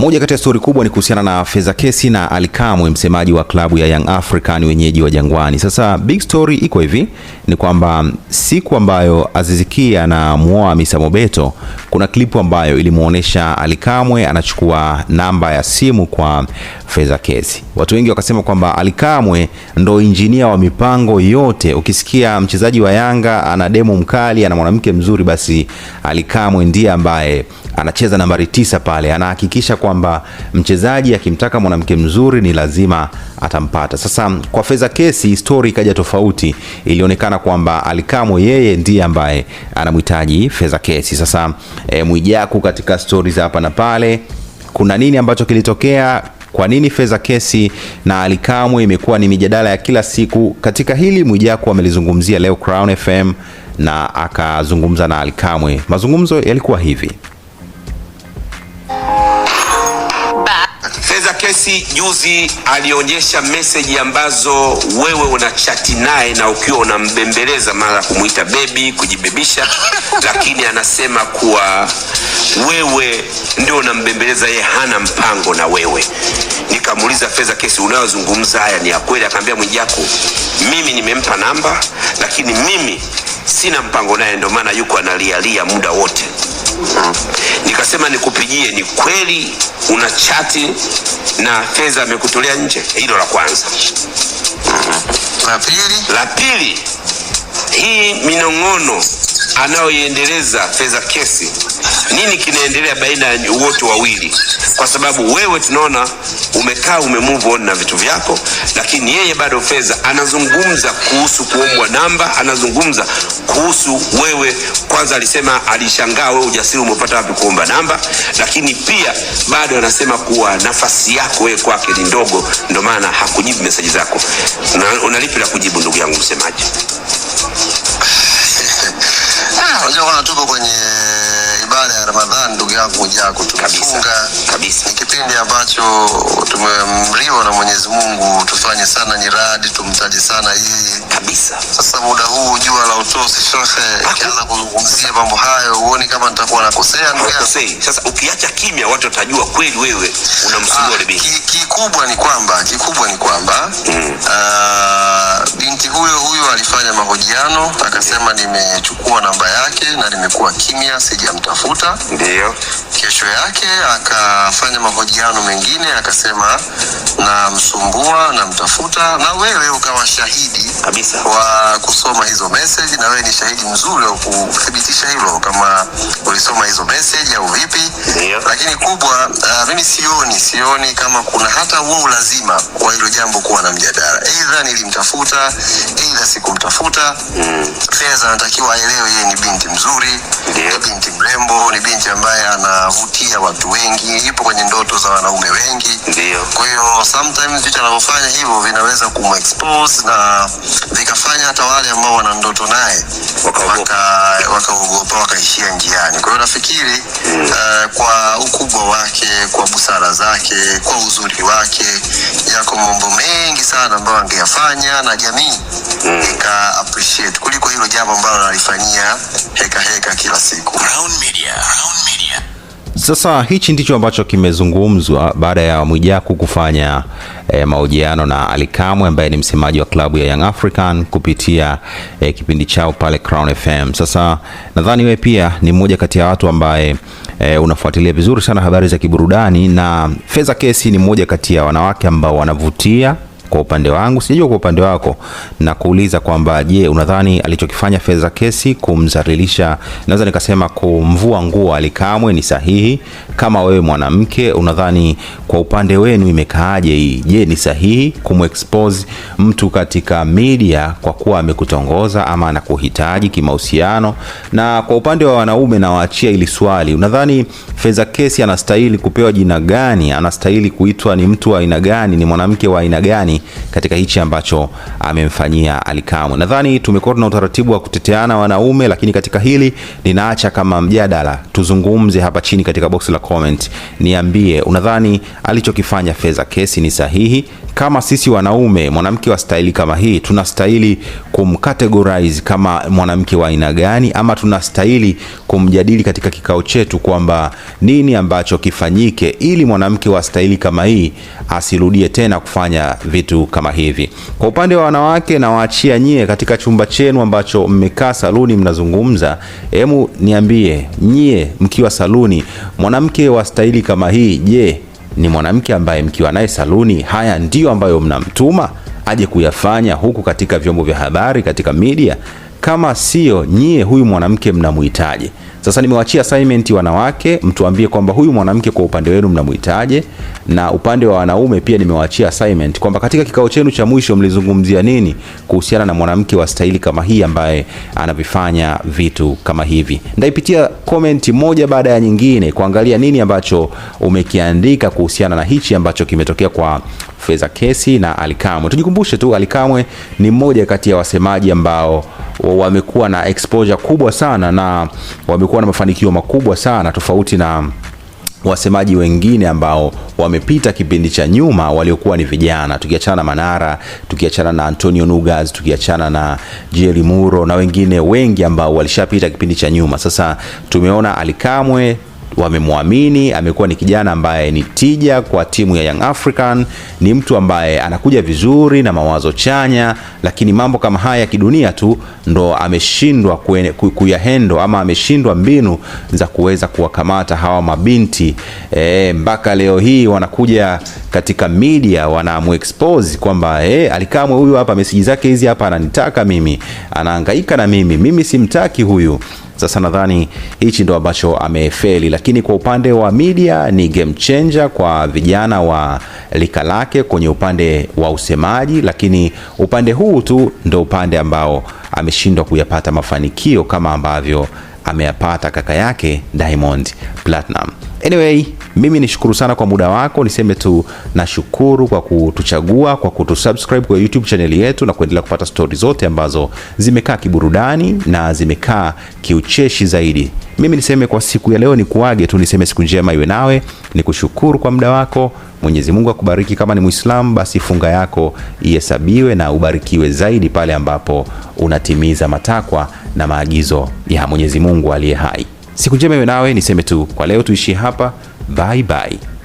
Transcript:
Moja kati ya stori kubwa ni kuhusiana na Feza Kesi na alikamwe msemaji wa klabu ya Young African wenyeji wa Jangwani. Sasa big story iko hivi, ni kwamba siku ambayo aziziki Ki anamuoa Misa Mobeto, kuna klipu ambayo ilimuonesha alikamwe anachukua namba ya simu kwa Feza Kesi. Watu wengi wakasema kwamba alikamwe ndo injinia wa mipango yote. Ukisikia mchezaji wa Yanga ana demo mkali, ana mwanamke mzuri, basi alikamwe ndiye ambaye anacheza nambari tisa pale, anahakikisha kwamba mchezaji akimtaka mwanamke mzuri ni lazima atampata. Sasa kwa Fedha Kesi stori ikaja tofauti, ilionekana kwamba Alikamwe yeye ndiye ambaye anamhitaji Fedha Kesi. Sasa e, Mwijaku katika stori za hapa na pale, kuna nini ambacho kilitokea? Kwa nini Fedha Kesi na Alikamwe imekuwa ni mijadala ya kila siku? Katika hili Mwijaku amelizungumzia leo Crown FM na akazungumza na Alikamwe. Mazungumzo yalikuwa hivi. Fedha Kesi juzi alionyesha meseji ambazo wewe una chati naye na ukiwa unambembeleza, mara kumuita bebi, kujibebisha, lakini anasema kuwa wewe ndio unambembeleza, yeye hana mpango na wewe. Nikamuuliza Fedha Kesi, unayozungumza haya ni ya kweli? Akaambia Mwijaku, mimi nimempa namba, lakini mimi sina mpango naye, ndio maana yuko analialia muda wote. Nikasema nikupigie, ni kweli una chati na fedha amekutolea nje? Hilo la kwanza La pili, la pili, hii minong'ono anayoiendeleza fedha kesi, nini kinaendelea baina ya wote wawili? Kwa sababu wewe tunaona umekaa umemove on na vitu vyako, lakini yeye bado fedha anazungumza kuhusu kuombwa namba, anazungumza kuhusu wewe. Kwanza alisema alishangaa wewe ujasiri umepata wapi kuomba namba, lakini pia bado anasema kuwa nafasi yako wewe kwake ni ndogo, ndio maana hakujibu meseji zako. Unalipi la kujibu, ndugu yangu msemaji? Ah, unajua tupo kwenye ibada ya Ramadhani, ndugu yangu Mwijaku, tumefunga kabisa. Ni kipindi ambacho tumeamriwa na Mwenyezi Mungu tufanye sana nyiradi, tumtaje sana yeye kabisa. Sasa muda huu jua la utosi, shekhe, ikianza kuzungumzia mambo hayo, huoni kama nitakuwa nakosea? Sasa ukiacha kimya, watu watajua kweli wewe unamsumbua ah, bibi. Kikubwa ni kwamba kikubwa ni kwamba mm. Ah, binti huyo huyo alifanya mahojiano akasema, nimechukua namba yake na nimekuwa kimya, sijamtafuta mafuta. Ndio. Kesho yake akafanya mahojiano mengine, akasema namsumbua, namtafuta, na wewe ukawa shahidi kabisa wa kusoma hizo message, na wewe ni shahidi mzuri wa kuthibitisha hilo, kama ulisoma hizo message au vipi? Ndio. Lakini kubwa, uh, mimi sioni sioni kama kuna hata uo lazima wa hilo jambo kuwa na mjadala, aidha nilimtafuta, aidha sikumtafuta. Mm. fedha anatakiwa aelewe yeye ni binti mzuri, ni binti mrembo Mboho ni binti ambaye anavutia watu wengi, yupo kwenye ndoto za wanaume wengi. Ndio. Kwa hiyo sometimes vitu anavyofanya hivyo vinaweza kumexpose na vikafanya hata wale ambao wana ndoto naye wakaogopa, wakaishia njiani. Kwa hiyo nafikiri mm. uh, kwa ukubwa wake, kwa busara zake, kwa uzuri wake, yako mambo mengi sana ambayo angeyafanya na jamii mm. ika appreciate kuliko hilo jambo ambalo analifanyia heka heka kila siku. Brown Media. Media. Crown Media. Sasa hichi ndicho ambacho kimezungumzwa baada ya Mwijaku kufanya e, mahojiano na Ally Kamwe ambaye ni msemaji wa klabu ya Young African kupitia e, kipindi chao pale Crown FM. Sasa nadhani wewe pia ni mmoja kati ya watu ambaye e, unafuatilia vizuri sana habari za kiburudani na feza Kesi ni mmoja kati ya wanawake ambao wanavutia kwa upande wangu sijajua kwa upande wako, na kuuliza kwamba je, unadhani alichokifanya Fedha Kesi kumdhalilisha, naweza nikasema kumvua nguo Alikamwe ni sahihi? Kama wewe mwanamke, unadhani kwa upande wenu imekaaje hii? Je, ni sahihi kumexpose mtu katika media kwa kuwa amekutongoza ama anakuhitaji kimahusiano? Na kwa upande wa wanaume, nawaachia ili swali, unadhani Fedha Kesi anastahili kupewa jina gani? Anastahili kuitwa ni mtu wa aina gani? Ni mwanamke wa aina gani? katika hichi ambacho amemfanyia Alikamwe. Nadhani tumekuwa tuna utaratibu wa kuteteana wanaume, lakini katika hili ninaacha kama mjadala, tuzungumze hapa chini katika box la comment. Niambie, unadhani alichokifanya Feza Kesi ni sahihi? kama sisi wanaume, mwanamke wa staili kama hii tunastahili kumcategorize kama mwanamke wa aina gani, ama tunastahili kumjadili katika kikao chetu kwamba nini ambacho kifanyike ili mwanamke wa staili kama hii asirudie tena kufanya vitu kama hivi. Kwa upande wa wanawake, nawaachia nyie katika chumba chenu ambacho mmekaa saluni mnazungumza, hemu niambie nyie mkiwa saluni, mwanamke wa staili kama hii, je, ni mwanamke ambaye mkiwa naye saluni, haya ndiyo ambayo mnamtuma aje kuyafanya huku katika vyombo vya habari, katika media? Kama siyo nyie, huyu mwanamke mnamuhitaji sasa nimewachia assignment wanawake, mtuambie kwamba huyu mwanamke kwa upande wenu mnamhitaje, na upande wa wanaume pia nimewachia assignment kwamba katika kikao chenu cha mwisho mlizungumzia nini kuhusiana na mwanamke wa staili kama hii ambaye anavifanya vitu kama hivi. Ndaipitia comment moja baada ya nyingine kuangalia nini ambacho umekiandika kuhusiana na hichi ambacho kimetokea kwa Feza Kesi na Alikamwe. Tujikumbushe tu Alikamwe ni mmoja kati ya wasemaji ambao wamekuwa na exposure kubwa sana na wame wamekuwa na mafanikio makubwa sana tofauti na wasemaji wengine ambao wamepita kipindi cha nyuma waliokuwa ni vijana, tukiachana na Manara, tukiachana na Antonio Nugas, tukiachana na Jeri Muro na wengine wengi ambao walishapita kipindi cha nyuma. Sasa tumeona Alikamwe wamemwamini amekuwa ni kijana ambaye ni tija kwa timu ya Young African, ni mtu ambaye anakuja vizuri na mawazo chanya, lakini mambo kama haya ya kidunia tu ndo ameshindwa kuyahendo ama ameshindwa mbinu za kuweza kuwakamata hawa mabinti e, mpaka leo hii wanakuja katika media wanamexpose kwamba e, Alikamwe huyu hapa, meseji zake hizi hapa, ananitaka mimi, anahangaika na mimi, mimi simtaki huyu sasa nadhani hichi ndo ambacho amefeli, lakini kwa upande wa media ni game changer kwa vijana wa lika lake kwenye upande wa usemaji, lakini upande huu tu ndo upande ambao ameshindwa kuyapata mafanikio kama ambavyo ameyapata kaka yake Diamond Platinum. Anyway, mimi nishukuru sana kwa muda wako, niseme tu nashukuru kwa kutuchagua, kwa kutusubscribe kwa YouTube channel yetu na kuendelea kupata stori zote ambazo zimekaa kiburudani na zimekaa kiucheshi zaidi. Mimi niseme kwa siku ya leo ni kuage tu, niseme siku njema iwe nawe, ni kushukuru kwa muda wako. Mwenyezi Mungu akubariki. Kama ni Muislamu, basi funga yako ihesabiwe na ubarikiwe zaidi pale ambapo unatimiza matakwa na maagizo ya Mwenyezi Mungu aliye hai. Siku njema iwe nawe, niseme tu kwa leo tuishie hapa, bye bye.